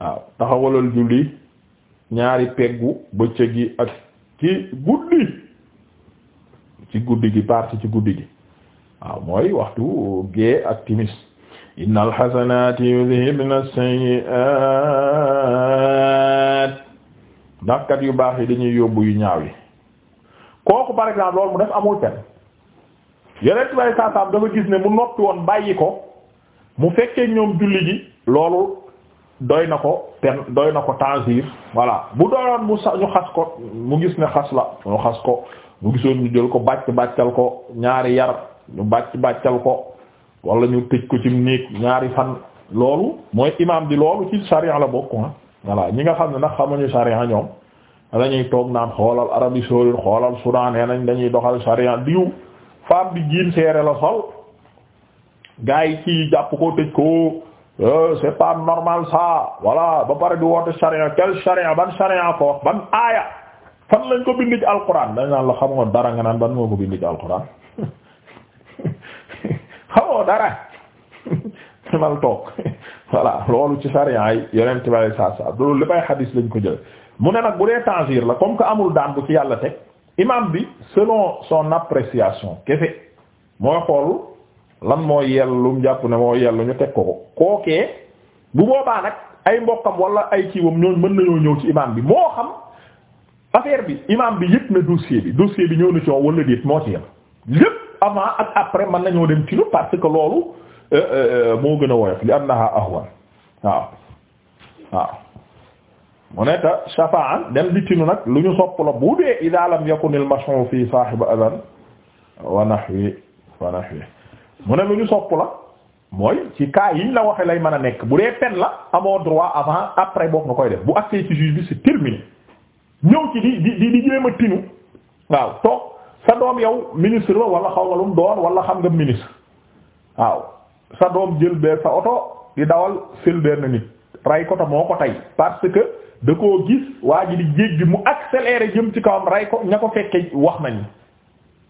waaw taxawalal julli ñaari peggu bëccëg gi ak ci guddi ci guddi gi parti ci guddi gi waaw mooy waxtu gée ak timis innal hasanati yuzhibna sayyi'at ndax kat yu baax yi dañuy yóbbu yu ñaaw yi kooku par exemple loolu mu def amul pen yeneen tubaab yi dafa gis ne mu noppi woon bàyyi ko mu fekkee ñoom julli gi loolu. doy na ko ten doy na ko tensir voilà bu dooroon mu sa ñu xas ko mu gis ne xas la ñu xas ko mu gisoon ñu jël ko bàcc bàccal ko ñaari yar ñu bàcc bàccal ko wala ñu tëj ko ci néeg ñaari fan loolu mooy imam di loolu ci sharia la bokk ah voilà ñi nga xam ne nag xamuñu sharia ñoom dañuy toog naan xoolal Arabie saoudite xoolal Soudan nee nañ dañuy doxal sharia diw femme bi jiin seere la sol gars yi ci jàpp ko tëj ko Euh, c'est pas normal ça voilà ba pare di woote charia quel charia ban charia ko ban aaya fan lañ ko bind ci alquran dañ naan la nga dara nga naan ban moo ko bind ci alquran xamoo dara mal toog voilà loolu ci charia yi yeneen tibale saa saa loolu li bay xadiis lañ ko jël mu ne nag bu dee tangir la comme que amul daan bu ci yàlla teg imam bi selon son appréciation kese mooy xool lan moo yell lu mu jàpp ne moo yell ñu teg ko ko kookee bu boobaa nag ay mbokkam wala ay kiiwam ñooñ mën nañoo ñëw ci imam bi moo xam affaire bi imam bi yëpp na dossier bi dossier bi ñëw na ci woo wala déet moo ci yem lépp avant ak après mën nañoo dem ci lu loolu euh, euh, euh, moo gën a woyof li annaha ahwan waaw waaw mu ne ta dem di tinu nag lu ñu sopp la bu dee idha lam yakun al mashru fi sahib adan wa nahwi mu ne lu ñu sopp la mooy ci yi ñu la waxee lay man a nekk bu dee peine la amoo droit avant après boog nga koy def bu accès ci juge bi c'est terminé ñëw ci di di di jéem a tinu waaw toog sa doom yow ministre la wala xaw nga lu mu doon wala xam nga ministre waaw sa doom jël bee sa oto di dawal fil na nit ray ko ta moo ko tey parce que da koo gis waa ji di jéggi mu ak accéléré jëm ci kawam rey ko ña ko fekke wax nañ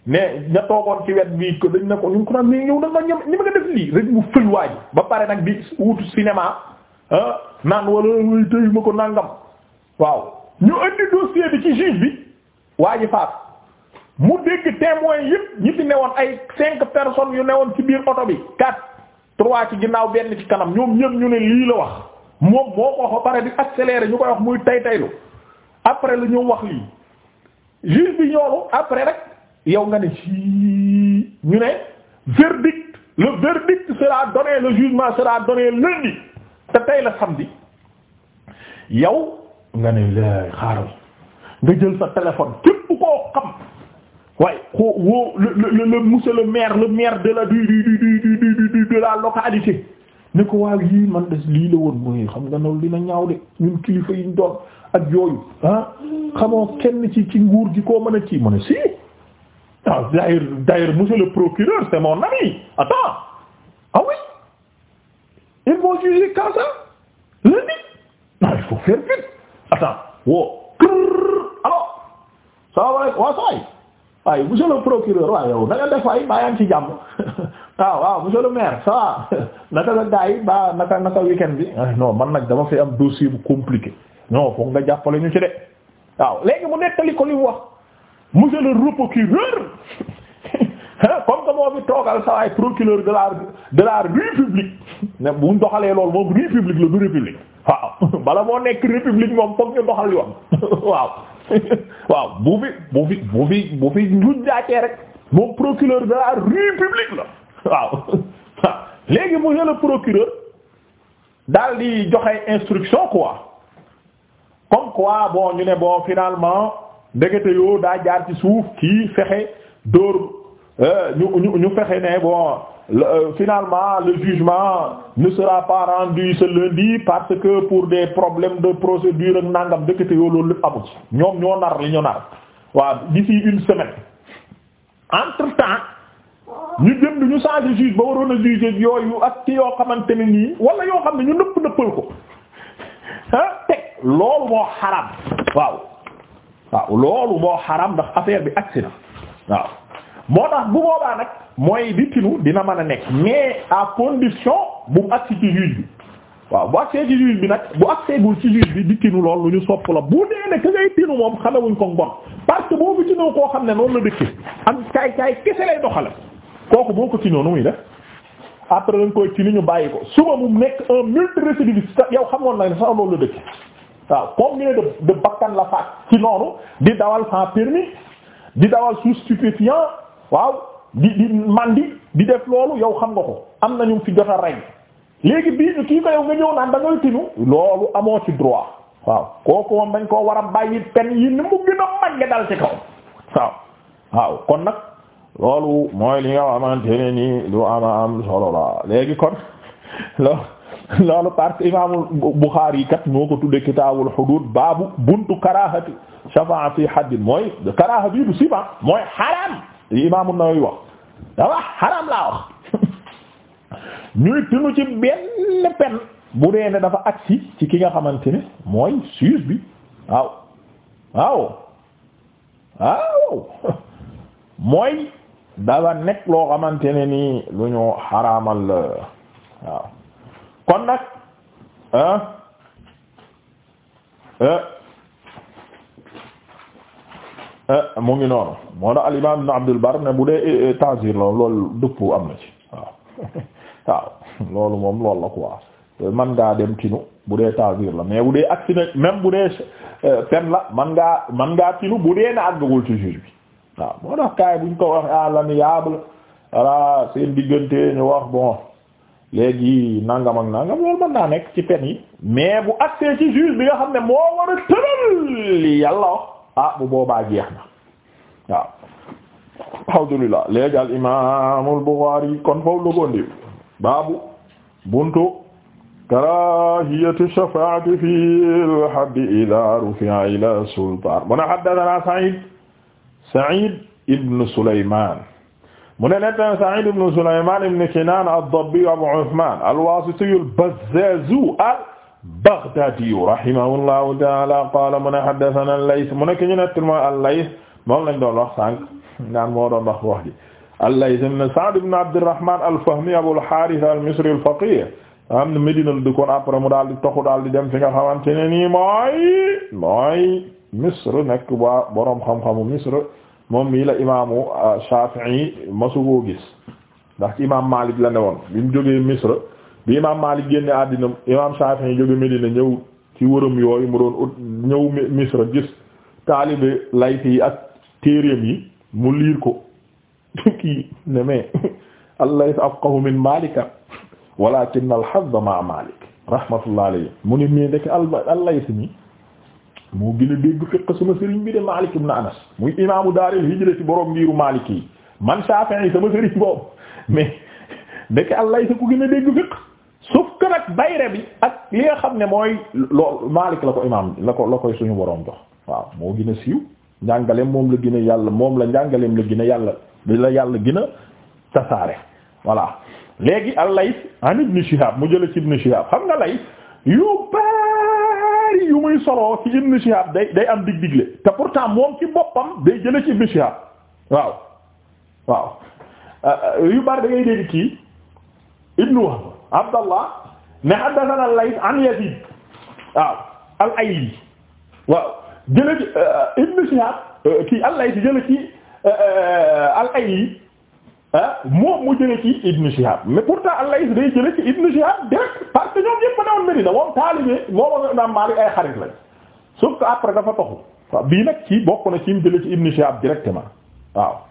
mais ña toogoon ci wet bii ko dañ ne ko ñu ngi ko naan mais yow ma nga def lii rek mu fël waaj ba pare nag bi wutu cinéma ah naan wala way tey ma ko nangam waaw ñu indi dossier bi ci juge bi waa ji faat mu dégg témoin yëpp ñi fi newoon ay cinq personnes yu newoon ci biir oto bi quatre trois ci ginnaaw benn ci kanam ñoom ñëpp ñu ne lii la wax moom moo ko wax ba pare di accélérer ñu koy wax muy tay taylu après lu ñu wax lii juge bi ñoolu après rek yow nga ne ci ñu ne verdict le verdict sera donné le jugement sera donné lundi te tey la samedi yow nga ne laay xaaral nga jël sa téléphone képp koo xam waaye koo woo le le le monsieur le maire le maire de la du du du du du de la localité ne ko waaw yii man de lii la woon mooy xam nga loolu dina ñaaw de ñun kilifa yi ñu doon ak yooyu ah xamoo kenn ci ci nguur gi koo mën a ci mën a sii. ah d'ailleurs d'ailleurs monsieur le procureur c'est mon ami attends ah oui ils vont juger quand ça lundi non il faut faire vite attends wow alors salaamaaleykum waaw saa yi waaye monsieur le procureur waaw yow na nga baa yaa ngi jàmm waaw ah, waaw monsieur le maire ça va naka la baa naka naka weekend bi ah, non man nag dama fi am dossier bu compliqué non foog nga jàppale ñu ci de waaw léegi mu nettali ko li mu wax. monsieur le procureur comme que moo fi toogal sa waay procureur de la de la république ne bu doxalee lool moom république la du république waaw bala moo nekk république moom foog ñu doxal yoon waaw waaw bu fi bu fi bu fi bu fi njuñ jaacee rek moom procureur de la république la waaw léegi monsieur le procureur daal di joxe instruction quoi comme quoi bon ñu ne bon finalement ndekete yoo daa jaar ci suuf kii fexe dóor euh, ñu ñu ñu fexe ne bon euh, finalement le jugement ne sera pas rendu ce lundi parce que pour des problèmes de procédure ak nangam ndekete yoo loolu lépp amu ci ñoom ñoo nar li ñu nar waaw d'ici une semaine entre temps ñu jëm du ñu changer juge ba waroon a juger yooyu ak ci yoo xamante ne nii wala yoo xam ne ñu nëpp nëppal ko ah loolu moo xaram waaw waaw loolu moo xaram ndax affaire bi agsi na waaw moo tax bu boobaa nag mooy di dina mën a nekk mais à condition bu mu agsi ci juge bi waaw bu agsee ci juge bi nag bu agseegul ci juge bi di tinu loolu lu ñu sopp la bu dee ne ka ngay tinu moom xamewuñ ko ngon parce que boobu koo xam ne noonu la dëkke am caay caay kese kooku boo ko tinoo nu muy def après dañ koy tinu ñu bàyyi ko suba mu nekk un multirécidiviste yow xam na ne sax loolu la dëkke waaw comme ni de de bakkan la faat ci noonu di dawal sans permis di dawal sous stupéfiant waaw di di mandi di def loolu yow xam nga ko am ñu fi jot a rey léegi bii ñu kii ko yow nga ñëw naan da ngay tinu loolu amoo ci droit waaw kooku moom dañ koo war a bàyyi pen yi ni mu gën a màgg dal ci kaw waaw waaw kon nag loolu mooy li nga xamante ne nii lu ama am solo la léegi kon loolu loolu parce que imaamul Buxaari kat moo ko tudde kitaabul xuduud baabu buntu karaahati shafaa fi haddin mooy karaaha bii du siba mooy xaraam yi imaamu Nawawi dafa xaraam laa wax ñuy tinu ci benn pen bu dee ne dafa agsi ci ki nga xamante ne mooy suus bi waaw waaw waaw mooy dafa nekk loo xamante ne nii lu ñu xaraamal la kon nag ah, ah ah mu ngi noonu moo tax al imaam ibn Abdul Barr ne bu dee eh, eh, tazir la loolu dëpp am na ci waaw loolu moom loolu la quoi man ngaa dem tinu bu dee tazir la mais bu dee agsi na bu dee eh, pen la man ngaa man ngaa tinu bu dee na àggagul ci bi waaw moo tax kaay buñ ko wax ah l'amiable voilà seen diggante ñu wax bon. léegi nangam ak nangam loolu mën naa nekk ci pen yi mais bu accès ci juge bi nga xam ne moo war a tëral li yàlla wax ah bu boobaa jeex na waaw alhamdulillah léegi al imaamul Buxaari kon foofu la gondi baabu buntu karaahiyati shafaati fi al-hadd idaa rufi'a ila sultaan mun haddathanaa Sa'iid Sa'iid ibn Sulaymaan mu ne nettane Sa'id ibn Sulayman ibn Kinan ad-Dabbi Abu Uthman al-Wasiti al-Bazzaz al-Baghdadi rahimahullahu ta'ala qala mu ne haddathana al-Layth mu nekk ñu nettali mooy al-Layth moom lañ doon wax sànq naan moo doon wax wax ji al-Layth ibn Sa'd ibn Abdirrahman al-Fahmi Abu al-Harith al-Misri al-Faqih am na Medina la dëkkoon après mu daal di toxu daal di dem fi nga xamante ne nii mooy mooy Misr nekk waa boroom xam-xamu Misr moom mii la imaamu euh, Shafi'i masugoo gis ndax ci imaam Malik la ne woon bi joge jógee Misra bi imaam Malik génne àddina imaam Shafi'i jóge Medina ñëw ci wërëm yooyu mu doon ut Misra gis taalibe layfi yi ak téereem yi mu liir ko kii ne mais al-Layth afqahu min Malika walakin al-hazz ma'a rahmatullah alayhi mu ne mais ndeke al-Layth mi moo gën a dégg fiqh sama sëriñ bi de Maalik ibn Anas muy imaamu daaril hijra ci borom ngiru Maalik yi man Shaafi'i sama sëriñ boobu mais ndeke Allah sa ko gën a dégg fiqh sauf que nag bayre bi ak li nga xam ne mooy loo Maalik la ko imaam la ko la koy suñu borom jox waaw moo gën a siiw njàngaleem moom la gën a yàlla moom la njàngaleem la gën a yàlla la yàlla gën a tasaare voilà léegi al-Layth an Ibn Shihab mu jël ci Ibn Shihab xam nga lay yu bari ñaari yu muy soloo ci Ibn Shihab day day am dig digle pour pourtant moom ci boppam day jële ci Ibn Shihab waaw waaw euh, euh, yu bari day ngay dégg kii Ibn Wahb Abdallah ne haddathana al an Yazid waaw al-Ayli waaw jële ci euh, Ibn Shihab kii al-Layth jële ci al-Ayli ah moom mu jëlee ci Ibn Shihab mais pourtant al-Layth day jëlee ci Ibn Shihab direct parce ñoom ñëpp newoon Medina moom taalibe moom Imaam Maalik ay xarit lañ sauf que après dafa toxu waaw bii nag ci bokk na ci mu jëlee ci Ibn Shihab directement waaw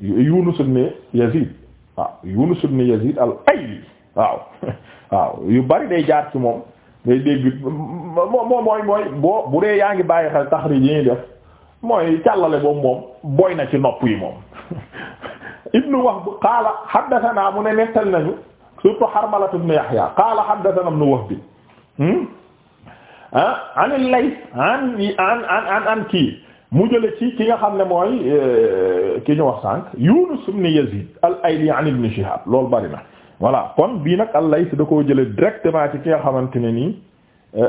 Yunus ibn Yazid waaw Yunus ibn Yazid al-Ayli waaw waaw yu bari day jaar ci moom day dégg moom mooy mooy bu dee yaa ngi bàyyi xel taxriij yi ñuy def mooy càllale boobu moom boy na ci nopp yi moom ibnu Wahb qaala haddasanaa mu ne nettal nañu surtout Harmala ibn Yahya qaala haddasanaa ibnu Wahb hmm? ah an al-Layth an an an an kii mu jële ci ki nga xam ne mooy eh, ki ñu wax sànq Yunus ibn Yazid al-Ayli an ibn Shihab loolu bari na kon bii nag al-Layth da koo jële directement ci ki nga xamante ne nii.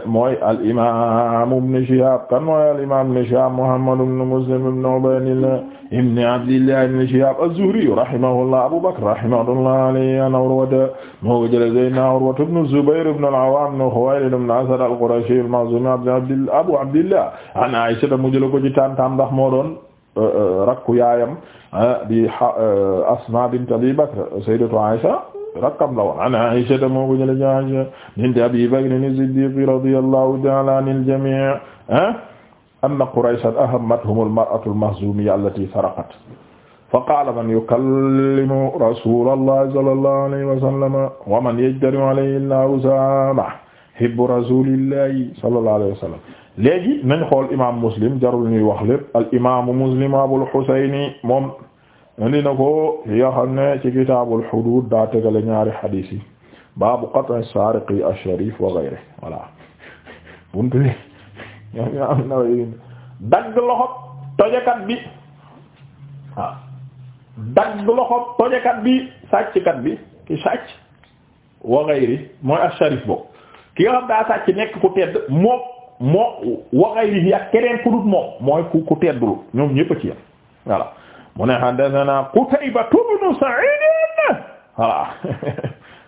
mooy al imaam ibn Shihaab kan mooy al imaam ibn Shihaab Muhammad ibn Muslim ibn Ubaydillah ibn Abdillah ibn Shihaab az-Zuhri rahimahullah Abu Bakr rahimahullah alayhi an Urwata moo ko jëlee Seydina Urwata ibn Zubayr ibn al-Awwaam ibn Khuwaylid ibn Asad al-Qurashi al-Makhzumi Abu Abdillah an Aisha mu jëlee ko ci tantam ndax moo doon uh, uh, rakku yaayam uh, di Asmaa bint Abi Bakr sayyidatu Aisha rakkam la woon an Aisha moo ko jële Aisha bint Abi Bakr as-Siddiq radiyallahu ta'ala anil jami' ah? anna Qurayshan ahammathum al-mar'atu al-makhzumiyya allati saraqat faqaala man yukallimu rasuulallahi sallallahu alayhi wa sallam wa man yajtari alayhi illa Usaama hibbu rasuulillahi sallallahu alayhi wa sallam léegi nañ xool imaam Muslim jarul ñuy wax lépp al imaamu Muslim Abul Husayn moom andi na ko li nga xam ne ci kitaabul xuduud daa tegale ñaari xadiis yi baabu qat'i saariqi ash-sharif wa ghayrihi voilà buntu bi ñoom am na dagg loxo tojekat bi dagg loxo tojekat bi sàcckat bi ki sàcc wa ghayrihi mooy ash-sharif boobu ki nga xam daa sàcc nekk ku tedd moom moo wa ghayrihi ak keneen ku moom mooy ku ku teddul ñoom ñépp a ci yam voilà mu ne haddathana Qutayba ibn Sa'id voilà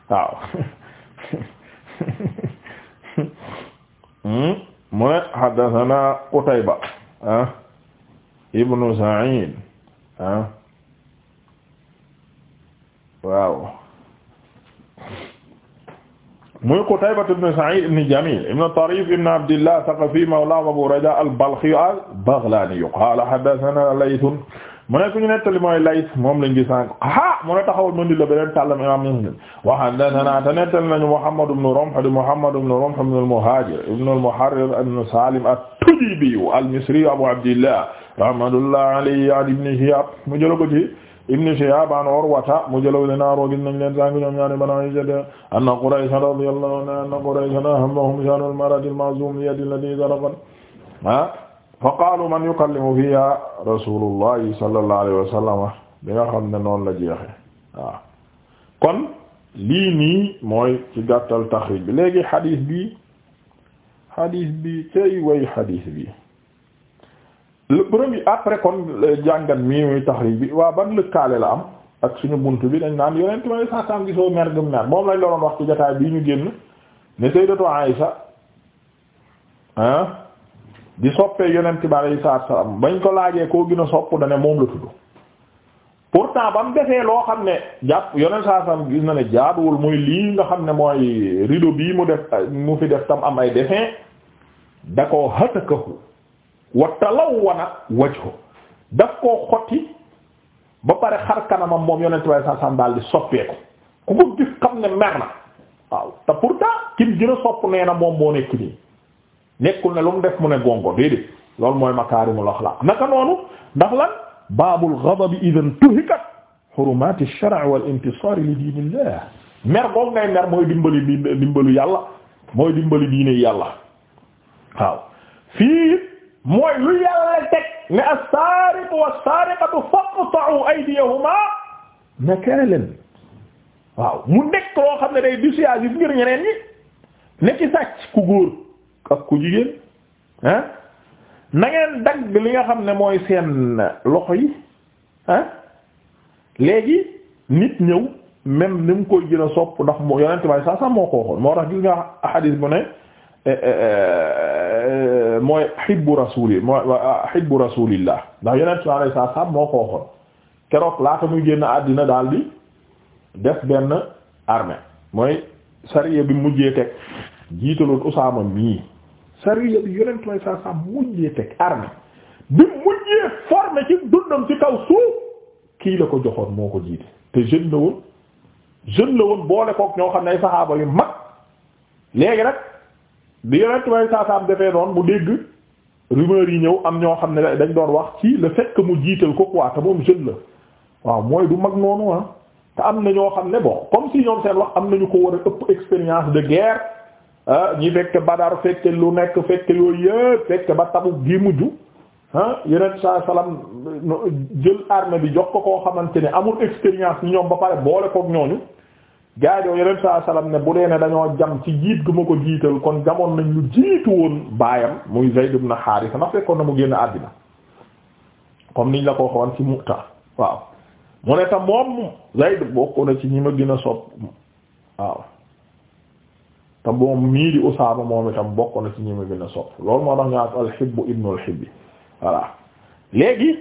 waaw hmm? mu ne haddathana Qutayba ah, ibn Sa'id ah. waaw muy Qutayba ibn Sa'id ibn Jamil ibn Tarif ibn Abdillah Thaqafi mawla Abu Raja al-Balkhi al-Baghlani qala haddathana Layth mu ne ku ñu nettali mooy Layth moom lañ gisaan ah mu ne taxawal ma ndi la beneen tàllam imam Muslim wa haddathana te nettali nañu Muhammad ibn Rumh di Muhammad ibn Rumh ibn al-Muhajir ibn al-Muharrir ibn Salim at-Tujibi al-Misri Abu Abdillah rahmatullah alayhi an ibn Shihab mu jëla ko ci ibn Shihab an Urwata mu jëla le naaroo gis nañ leen sànq ñoom ñaari banayi jade anna Quraysh radiyallahu anhu anna Quraysh hammahum sha'nul mar'ati al-ma'zum yadi allati zarafat ah fa qaalu man yukallimu fiha rasulullahi sallallahu alayhi wa sallama bi nga xam ne noonu la jeexe waaw kon lii nii mooy ci gàttal taxrij bi léegi xadiis bi xadiis bi cay way xadiis bi le premier après kon jàngat mi muy taxrij bi waa ban lëkkaale la am ak suñu bunt bi dañ naan yonent moom lañ la doon wax ci jotaay bii ñu génn ne sayyidatu Aïsa ah di soppee yonent bi alayhi salaatu wa salaam bañ ko laajee koo gën a sopp dane moom la tudd pourtant ba mu defee loo xam ne jàpp yonent saa salaam gis na ne jaaduwul muy lii nga xam ne mooy rideau bii mu def mu fi def tam am ay dessin da koo hatakahu wana talawwana ko daf koo xotti ba pare xar kanamam moom yonent bi alayhi salaatu daal di soppeeku ku ko gis xam ne mer na waaw te pourtant kim gën a sopp nee na moom moo nekk nii nekkul ne lu mu def mu ne gongo déedéet loolu mooy makaarimul axlaaq naka noonu ndax lan baabul ghadabi idan tuhikat xurumaati ash-shar'i wal intisaari li diinillah mer goog mer mooy dimbali dimbalu yàlla mooy dimbali diine yàlla fii mooy lu yàlla teg ne as-saariqu was-saariqatu faqta'u aydiyahumaa nakaalan waaw mu nekk loo xam ne day dissuasif ngir ñeneen ñi ne ci sàcc ku góor ak ku jigéen ah dagg li nga xam ne mooy seen loxo yi léegi nit ñëw même ni mu koy gën a sopp ndax moo yonent bay saa saa moo ko moo tax gis nga xadiis bu ne eh, eh, eh, mooy xibbu rasuuli mooy ah, xibbu rasuulillah ndax yonent bay saa saa moo ko waxoon keroog laata muy génn àddina daal di def benn armée mooy sariya bi mujjee teg jiitaloon Usaama mii sariya bi yonent may saa saa mujjee teg armée bi mujjee formé ci dundam ci kaw suuf kii la ko joxoon moo ko jiite te jeune la woon jeune la woon boole kook ñoo xam ne ay saxaaba yu mag léegi nag bi yonent may defee noonu mu dégg rumeur yi ñëw am ñoo xam ne dañ doon wax ci la fait mu jiital ko quoi te moom jeune la waaw mooy du mag noonu ah te am na ñoo xam ne bon comme si ñoom seen wax am na ñu ko war a ëpp expérience de guerre Ah ñi fekk Badar fekk lu nekk fekk yooyu yëpp fekk ba Tabuk gi mujj ah yeneen sa salaam jël armée bi jox ko koo xamante ne amul expérience ñoom ba pare boole koog ñooñu gars yi yeneen saa salaam ne bu dee ne dañoo jam ci jiit gu ma ko jiital kon jamoon nañ ñu jiitu woon baayam muy Zayd ibn Haarisa ndax fekkoon na mu génn àddina comme niñ la ko waxoon ci Mu'ta waaw mu ne tam moom Zayd bokk na ci ñi ma gën a sopp waaw. te moom mii di Usaama moom itam bokk na ci ñi ma gën a sopp loolu moo tax ñu ak alxibbu ibnu alxibbi voilà léegi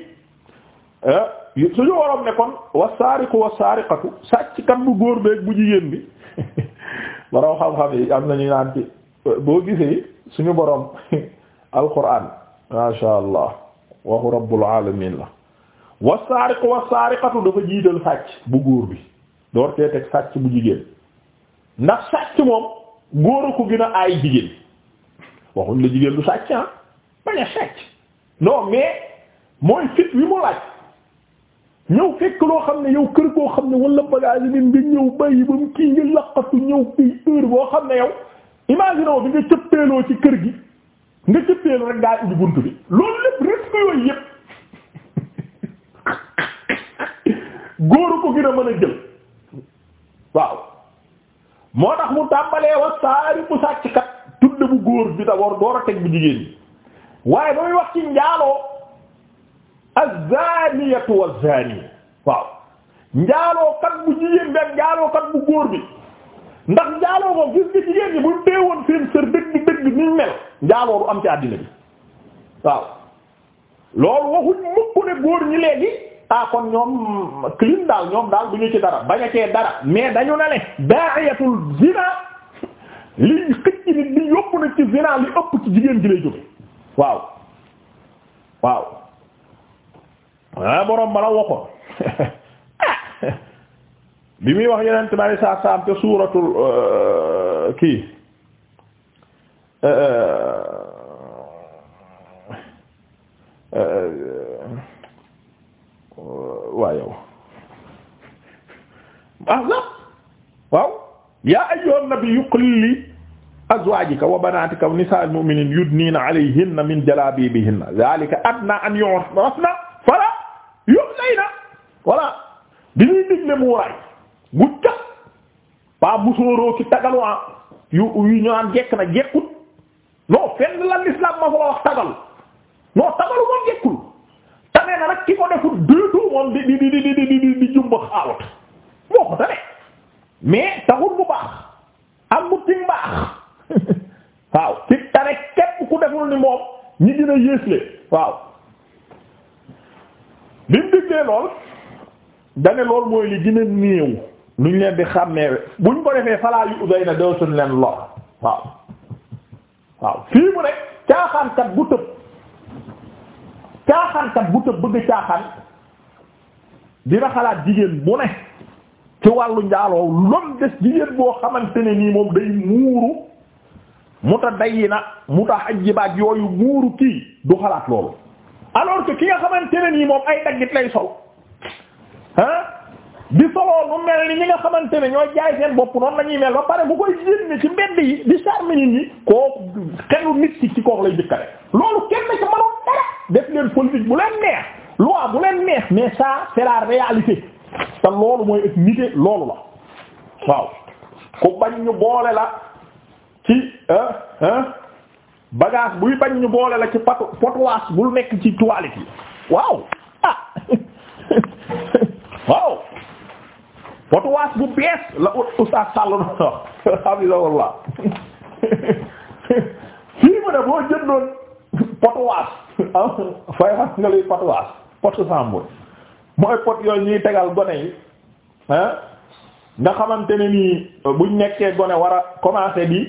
eh, suñu waroon ne kon wassaariqu wassaariqatu sàcckat bu góor beeg bu jigéen bi boroom xam-xam yi am nañu naan eh, boo gisee suñu borom alquran ma sha allah waxu rabbul alamin la wassaariqu wassaariqatu dafa jiital sàcc bu góor bi door tee sàcc bu jigéen ndax sàcc moom góor a ko gën a aay jigéen waxuñ la jigéen du sàcc ah bañ a sàcc non mais mooy fit wi mu laaj ñëw fekk loo xam ne yow kër koo xam ne wala bagage bi nga ñëw bàyyi ba mu kii nga laqatu ñëw fii heure boo xam ne yow imagine bi nga cëppeeloo ci kër gi nga cëppeelu rek daa ubbi bunt bi loolu lépp risque yooyu yépp góoru ko gën a mën a jël waaw moo tax mu tàmbalee wa saari bu sàcc kat tudd bu góor bi d'abord door a teg bu jigéen bi waaye ba muy wax ci njaaloo az-zaaniyatu waz-zaani waaw njaaloo kat bu jigéen bi ak njaaloo kat bu góor bi ndax njaaloo moom gis nga jigéen ñi bu teewoon seen sër dëgg dëgg niñ mel njaaloo du am ci àddina bi waaw loolu waxuñ mukk ne góor ñi léegi ah kon ñoom clean daal ñoom daal du ñu ci dara bañ a dara mais dañu na ne daa'iyatul zina li xëcc nit li yóbbu na ci zina li ëpp ci jigéen gi waaw waaw ah borom ma la ah. bi muy wax yeneen tamit ay saa saam suuratul euh, kii euh, euh, Euh, waa yow baax na waaw yaa ayyuhan nabiyyu qul li azwaajika wa banaatika wa nisaa'il mu'miniina yudniina 'alayhinna min jalaabiibihinna dhaalika adnaa an yu'rafna falaa yu'zayna voilà bi ñuy digle muuraay gu tax pas musóoroo ki tagalu ah. yu yu ñu naan jekk na jekkut non fenn la l'islam ma ko wax tagal non tagalu moom jekkul nee na nag ki ko defut déedéet moom di di di di di jumba xaawut moo ko tane mais taxul bu baax am bu ci baax waaw ci tane képp ku deful ni moom ñi dina yéesle waaw bi mu diggee lool dane lool mooy li dina néew nuñ leen di xàmmee buñ ko defee falaa yu uday na dootuñ leen lor waaw waaw fii mu ne caaxaankat bu tëb caaxaankat bu tëb bëgg caaxaan dina xalaat jigéen bu ne ci wàllu njaaloo lom des jigéen boo xamante ne nii moom day muuru mu ta dayi na mu ta ajjibaat yooyu muuru kii du xalaat loolu alors que ki nga xamante ne nii moom ay daggit lay sol ah di soloo nu mel ni ñi nga xamante ne ñooy jaay seen bopp noonu la ñuy mel ba pare bu koy génne ci mbedd yi di charme nit ñi kooku xelu nit ci ci kooku lay jëkkale loolu kenn ci mënoon dara def leen politique bu leen neex la réalité te loolu mooy ëpp nité loolu la waaw ku bañ ñu boole la ci ah ah bagage buy bañ ñu boole la ci poto potoas bul nekk ci toilette yi waaw bu bees la Oustaz Sall na wax hafizahullah fii mu ne boo jëndoon potuwaas ah, fay xam nga luy potuwaas potu sàmbur mooy pot yooyu ñuy tegal gone yi ah, nga xamante ne nii buñ nekkee gone war a commencer bi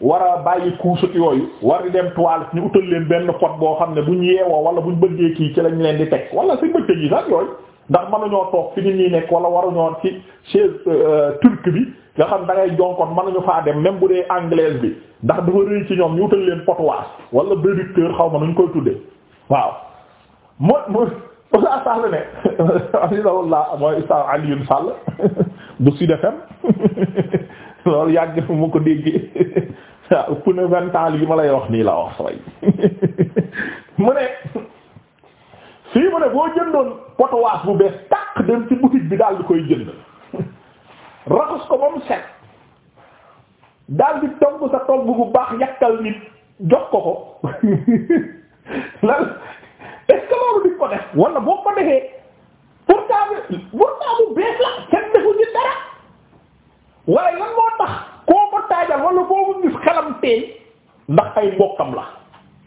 war a bàyyi kuusut yooyu war di dem toilette ñu utal leen benn pot boo xam ne buñ yeewoo wala buñ bëggee kii ci lañ leen di teg wala si bëccëg yi sax yooyu ndax mënuñoo toog fi nit ñi nekk wala waruñoon ci chaise euh, turque bi nga xam da ngay jonkoon mënuñu faa dem même bu dee anglaise bi ndax dafa rëy ci ñoom ñu wutal leen potowaas wala réducteur xaw ma nuñ koy tuddee waaw. mo mo Ousseyn Sall ne alhamdulilah mooy Oustaz Alioune Sall bu Sud loolu yàgg na mu ko déggee waaw ëpp na vingt yi ma lay wax nii la wax saway mu ne. mu boo jëndoon potowaas bu bees tàq dem ci boutique bi daal di koy jënd raxas ko ba mu set daal di togg sa togg bu baax yàkkal nit jox ko ko lan est di ko def wala boo ko defee pourtant bi bu bees la kenn defu ci dara waaye lan moo tax koo ko taajal wala boo ko gis xelam teey ndax ay mbokkam la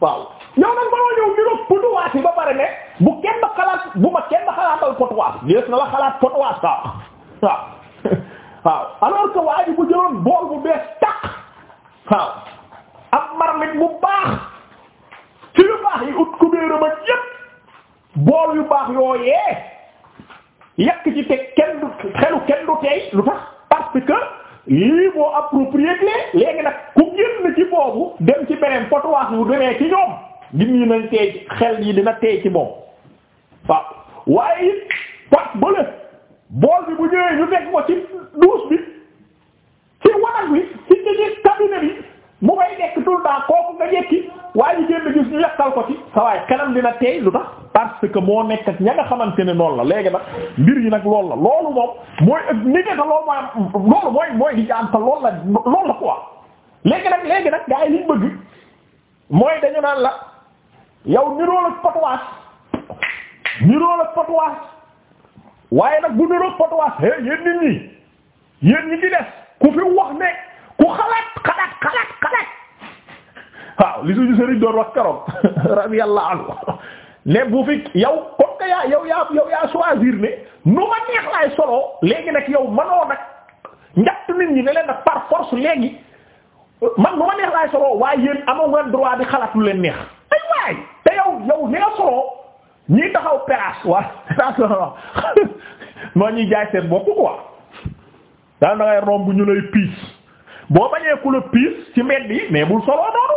waaw yow nag mënoo ñëw niroog potuwaas yi ba pare ne bu kenn xalaat bu ma kenn xalaatal potuwaas li des la xalaat potuwaas waaw waaw waaw alors que waa bu jëloon bool bu bees tàq waaw am marmite bu baax ci lu baax yi ut kubéerama yépp bool yu baax yooyee yàq ci te kenn du xelu kenn du tey lu tax parce lii moo approprié léegi nag ku génn ci boobu dem ci beneen potuwaas yu demee ci ñoom ngir ñu xel yi dina tee ci moom waaw waaye it pat bële bool ko ci douche bi mu koy nekk tout le temps kooku nga jekki waaye ñu gis ñu yàqal ko ci sa waay kanam dina teey lu tax parce moo nekk ak ña nga xamante ne noonu la léegi nag mbir yi nag loolu la loolu moom mooy nit ñi loolu mooy loolu mooy mooy di am te loolu la loolu la quoi léegi nag léegi nag gaa yi liñ bëgg mooy dañu naan la. yow nirool ak patois nirool ak patois waaye nag bu nirool patois eh yéen nit ñi yéen ñi ci des ku fi wax ne ku xalaat xalaat xalaat xalaat waaw li suñu sëriñ doon wax keroog radiyallahu anhu ne bu fi yow comme que yaa yow yaa yow yaa choisir ne nu ma neex laay solo léegi nag yow manoo nag njatt nit ñi ne leen nag par force léegi man nu ma neex solo waaye yéen amoo droit di xalaat lu leen neex. yow ni nga soloo ñii taxaw peraas waa peraas jaay seen bopp quoi daal da ngay romb ñu piis boo bañee ku piis ci mbedd yi mais bul soloo noonu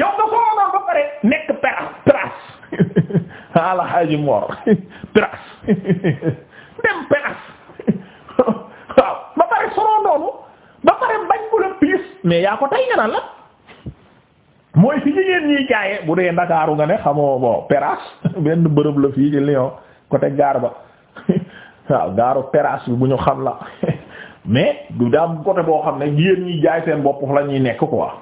yow nga soloo noonu ba pare nekk peraas peraas ala haji mor peraas dem peraas waaw ba pare soloo noonu ba pare bañ ku piis mais yaa ko tey nga la mooy fi jigéen ñiy jaaye bu dee ndakaaru nga ne xamoo bon Perrache benn bërëb la fii ci Lyon côté gaar ba waaw gaaru Perrache bi bu ñu xam la mais du daam côté boo xam ne jigéen ñiy jaay bopp la ñuy nekk quoi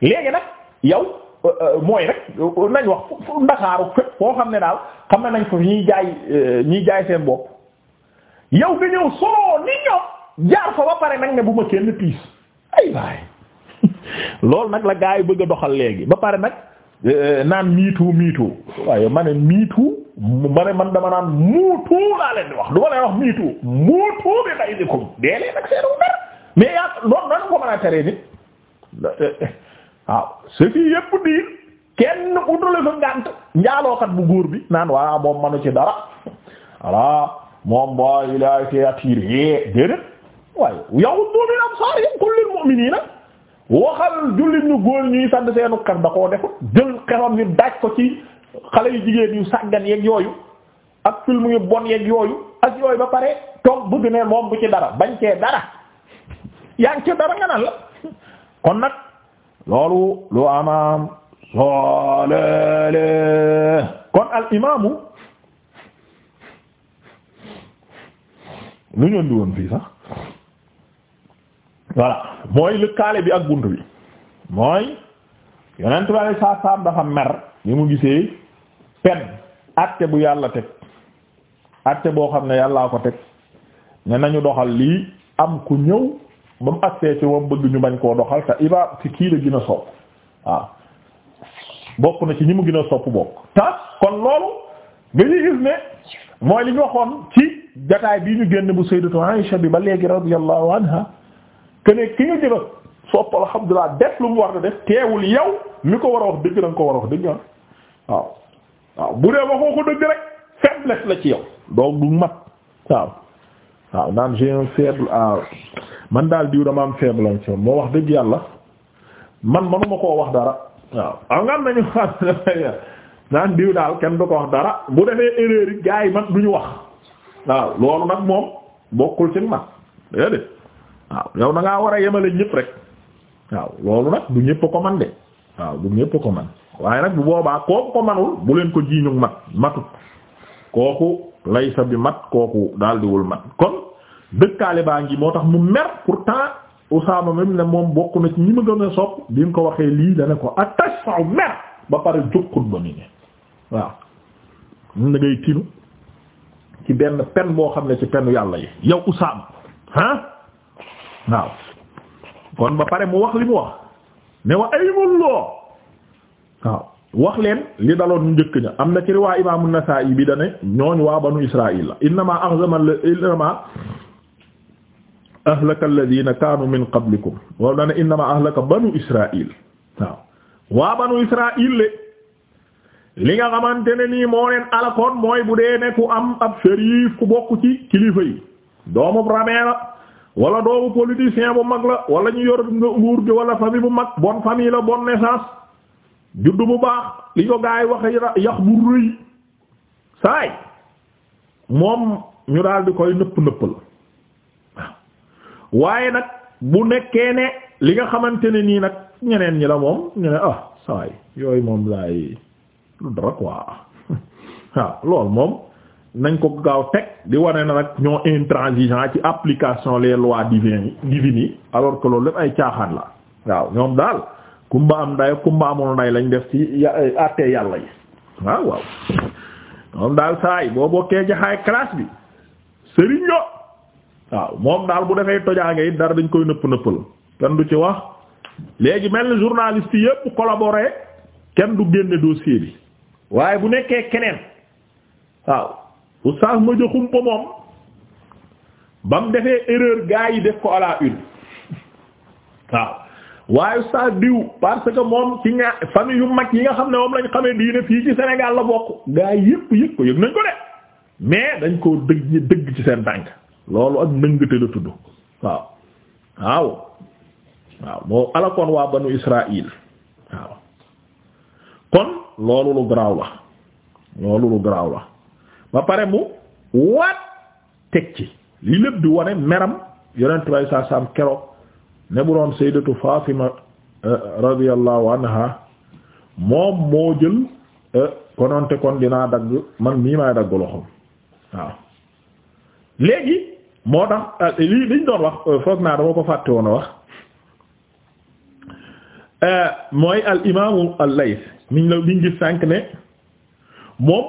léegi nag yow euh, euh, mooy rek euh, nañ wax ndakaaru ne daal xam ne nañ fa ñuy jaay ñiy jaay seen bopp yow nga ñëw solo ni ñoom jaar fa ba pare nag ne bu ma kenn piis ay waay loolu nag la gaa yi bëgg a doxal léegi ba pare nag euh, naan miitu miitu waaye ma ne miitu man dama naan muutu laa leen di wax du ma wax miitu muutu bi day di ko dee dara mais yaa loolu nan euh, euh, manu ci dara voilà moom boo il a été attiré déedéet waaye yow doomi waxal jullit ñu góor ñuy sàdd seenu xer da koo defut jël xeram ni daaj ko ci xale yu jigéen yu sàggan yeeg yooyu ak film yu bon yeeg yooyu ak yooyu ba pare toog bëgg ne moom bu ci dara bañ cee dara yaa ngi ci dara nga naan la kon nag loolu lu amaam solele kon al imaamu lu ñu andi fii sax voilà mooy lëkkaale bi ak gunt bi mooy yonent bi alei saatu salaam dafa mer li mu gisee pen atte bu yàlla teg atte boo xam ne yàllaa ko teg ne nañu doxal lii am ku ñëw ba mu agsee ci wam bëgg ñu bañ koo doxal te iba ci kii la gën a sopp waaw bokk na ci ñi mu gën a sopp bokk ta kon loolu nga ñuy gis ne mooy li ñu waxoon ci jataay bii ñu génn bu sayyidatu Aisha bi ba léegi radiyallahu anha que ne ki nga gën sopp alhamdulilah def lu mu wax a def teewul yow mi ko war a wax dëgg da nga ko war a wax dëgg ah waaw bu dee waxoo ko dëgg rek ci yow donc mat waaw waaw naan man daal diw dama am faible am ci moo wax dëgg yàlla man manuma koo wax dara waaw am nga am nañu naan diw daal kenn du ko wax dara bu defee erreur yi gars yi man duñu wax waaw loolu nag moom bokkul ci mag déedéet waaw yow da ngaa war a yemale ñëpp rek waaw loolu nag du ñëpp ko man de waaw du ñëpp ko man waaye nag bu boobaa kooku ko manul bu leen ko jiiñu mat matut kooku laysa bi mat kooku daal diwul mat kon dëkkaale baa ngi moo tax mu mer pourtant Usaama même ne moom bokk na ñi ma gën a sopp mu ko waxee lii dana ko attache faaw mer ba pare jukkut ba ni ne waaw mun na ngay tinu ci benn pen boo xam ne ci penu yàlla yi yow Usaama ah waaw kon ba pare mu wax li mu wax ne wa aymulloo waaw wax leen li daloon ñu njëkk ña am na ci riwaa imaamu Nasaa'i bi dane ñooñ waa banu Israa'il la innama aghzama innama ahlaka alladhina kaanu min qablikum banu Israa'il waaw waa banu Israa'il le li nga xamante ne nii moo leen alakoon mooy bu dee ne am ab shérif ku bokk ci kilifa yi doomu rabee la wala doomu politicien bu mag la walla ñu yor nguur gi wala famille bu mag bonne famille la bonne naissance juddu bu baax li ko gaa yi waxee yax bu rëy saay moom ñu daal di koy nëpp nëppal waaye nag bu nekkee ne li nga xamante ne nii nag ñeneen ñi la moom ñu ne ah saay yooyu moom laay lu dara quoi waaw lool moom. nañ ko gaaw teg di wane na nag ñoo intransigeant ci application les lois divines divines yi alors que loolu lépp ay caaxaan la waaw ñoom daal kumba am nday kumba amul nday lañ def ci àttee yàlla yi waaw waaw ñoom daal saa yi boo bokkee jaxaay classe bi sëriñ yo waaw moom daal bu defee tojaange it dara dañ koy nëpp nëppal kenn du ci wax léegi mel ni journaliste yépp collaboré kenn du génne dossier bi waaye bu nekkee keneen waaw oustaz ma joxum ko moom ba mu defee erreur gaa yi def ko à la une waaw waaye oustaz diw parce que moom ci ña famille yu mag yi nga xam ne moom lañ xamee diine fii ci Sénégal la bokk gaa yi yëpp yëpp ko yëg nañ ko de mais dañ koo dëgg dëgg ci seen tànk loolu ak nëngate la tudd waaw waaw waaw moo alakoon waa banu Israël waaw kon loolu lu garaaw la loolu lu garaaw la ba pare mu waat teg ci lii lépp di wane meram yonent bay saa saam keroog ne bu doon sayyidatu Fatima euh, euh, radiyallahu anha moom moo jël euh, kononte kon dinaa dagg man mii maay dagg loxoom waaw léegi moo tax lii liñ doon wax foog naa dama ko fàtte woon a wax mooy al imaamu al Layth miñ la liñ gis sànq ne moom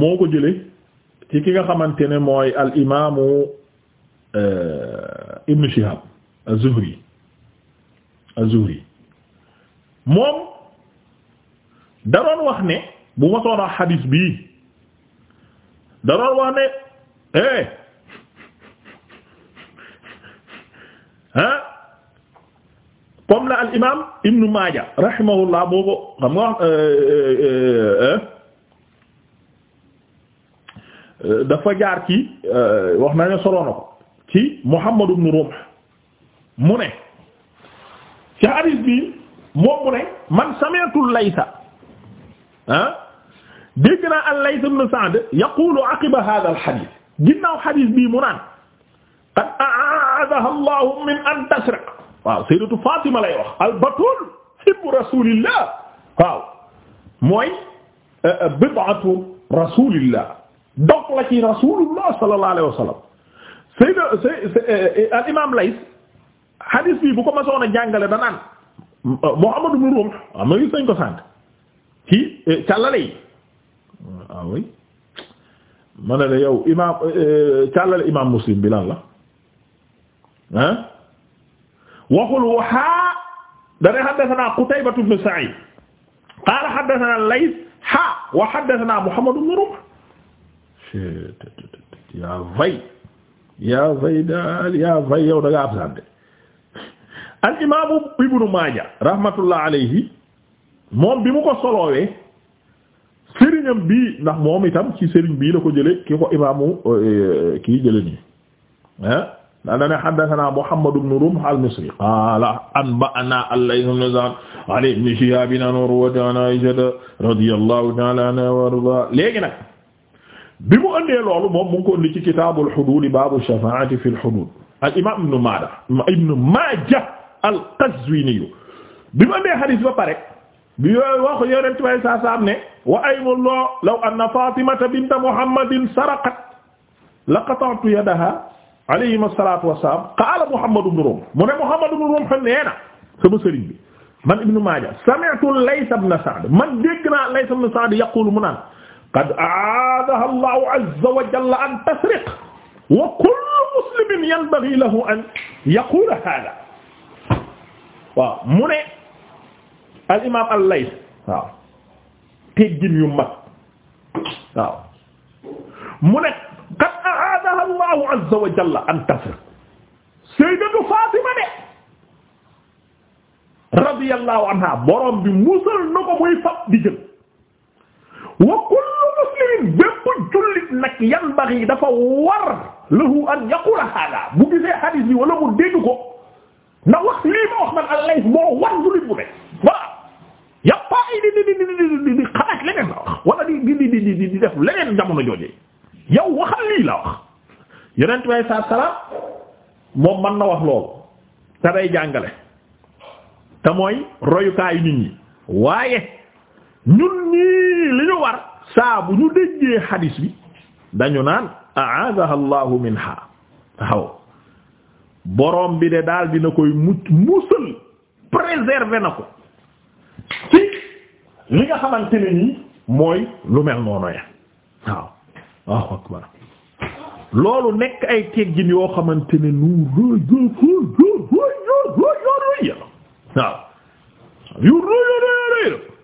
moo ko jële ci ki nga xamante ne mooy al imaamu euh, Ibn Shihab az-Zuhri az-Zuhri moom da doon wax ne bu ma soona xadiis bii da doon wax ne eh ah la al imaam Maaja rahimahullah boo ko xam nga wax euh, euh, dafa jaar ci euh, wax nañu solo na ko ci Muhammad ibn Rumh mu ne ci hadith bi moom mu ne man sami'tu Laysa ah dégg naa al-Layth ibn Sa'd yaqulu aqiba hadha al-hadith ginnaaw hadith bii mu naan qad a'adaha Allahu min an tasriq waaw sayyidatu Fatima lay wax al-batul hibbu rasulillah waaw mooy euh, euh, bid'atu rasulillah donc la ci rasulullah sallallahu alayhi wa sallam sayda say al imam Lays hadith bi bu ko masoon a jàngale danaan Muhammad ibn Rumh am ah, na gis nañ ko sànq ci eh, càllale yi ah oui ma ne la yow imam eh, càllale imam Muslim bi lan la ah waxul waxaa dana haddathana Qutaybah ibn Sa'id qala haddathana Lays ha wa haddathana Muhammad ibn Rumh yaa vay yaa vay daal yaa vay yow da nga absente al imaamu ibnu maaja rahmatullah alayhi moom bi mu ko soloowee sëriñam bii ndax moom itam ci sëriñ bii la ko jële ki ko imaamu euh, kii jële nii ah da da ne haddathana Muhammad ibn Rumh al-Misri qaala anba'ana al-Layth ibn Sa'd an ibn Shihab an Urwa an Aisha radiyallahu ta'ala anha wa arda léegi nag bi mu andee loolu moom mu ngi ko indi ci kitaabul xuduud baabu shafaa'ati fil xuduud al imaam ibnu Maada ibnu Maaja al Qazwiini bi mu andee xadiis ba pare bi yooyu wax yonent bay saa saam ne wa aymullah law anna Faatimata binta Muhammadin saraqat la qata'tu yadaha alayhim assalaatu wassalaam qaala Muhammad ibnu Rumh mu ne Muhammad ibnu Rumh nee na sama sëriñ bi man ibnu Maaja sami'tu Layth ibn Sa'd man dégg naa Layth ibn Sa'd yaqulu mu naan qad aadaha allahu azza wa jalla an tasriq wa kullu muslimin yanbaghi lahu an yaqula hada waaw mu ne al imam al-Layth waaw teggin yu mag waaw mu ne qad aadaha allahu azza wa jalla an tasriq sayyidatu Fatima de radiyallahu anha borom bi musal na ko muy fab di jël mu'min bépp jullit nag yan bax dafa war lahu an yaqula hada bu gisee hadis bi wala mu dégg ko na wax lii ma wax man al-Layth moo war jullit bu ne voilà yàpp ay di di di di xalaat leneen la wax wala di di di def leneen jamono jooje yow waxal lii la wax yonent way sa salaam moom mën na wax loolu te day jàngale te mooy royukaayu nit ñi waaye ñun ñii li ñu war saa bu ñu déggee xadiis bi dañu naan a'adaha allahu minha waaw boroom bi de daal dina koy mucc musal préserver na ko ci li nga xamante ne nii mooy lu mel noonu ya waaw waaw akbar loolu nekk ay teggin yoo xamante ne nu rëy rëy rëy rëy rëy waaw yu rëy rëy rëy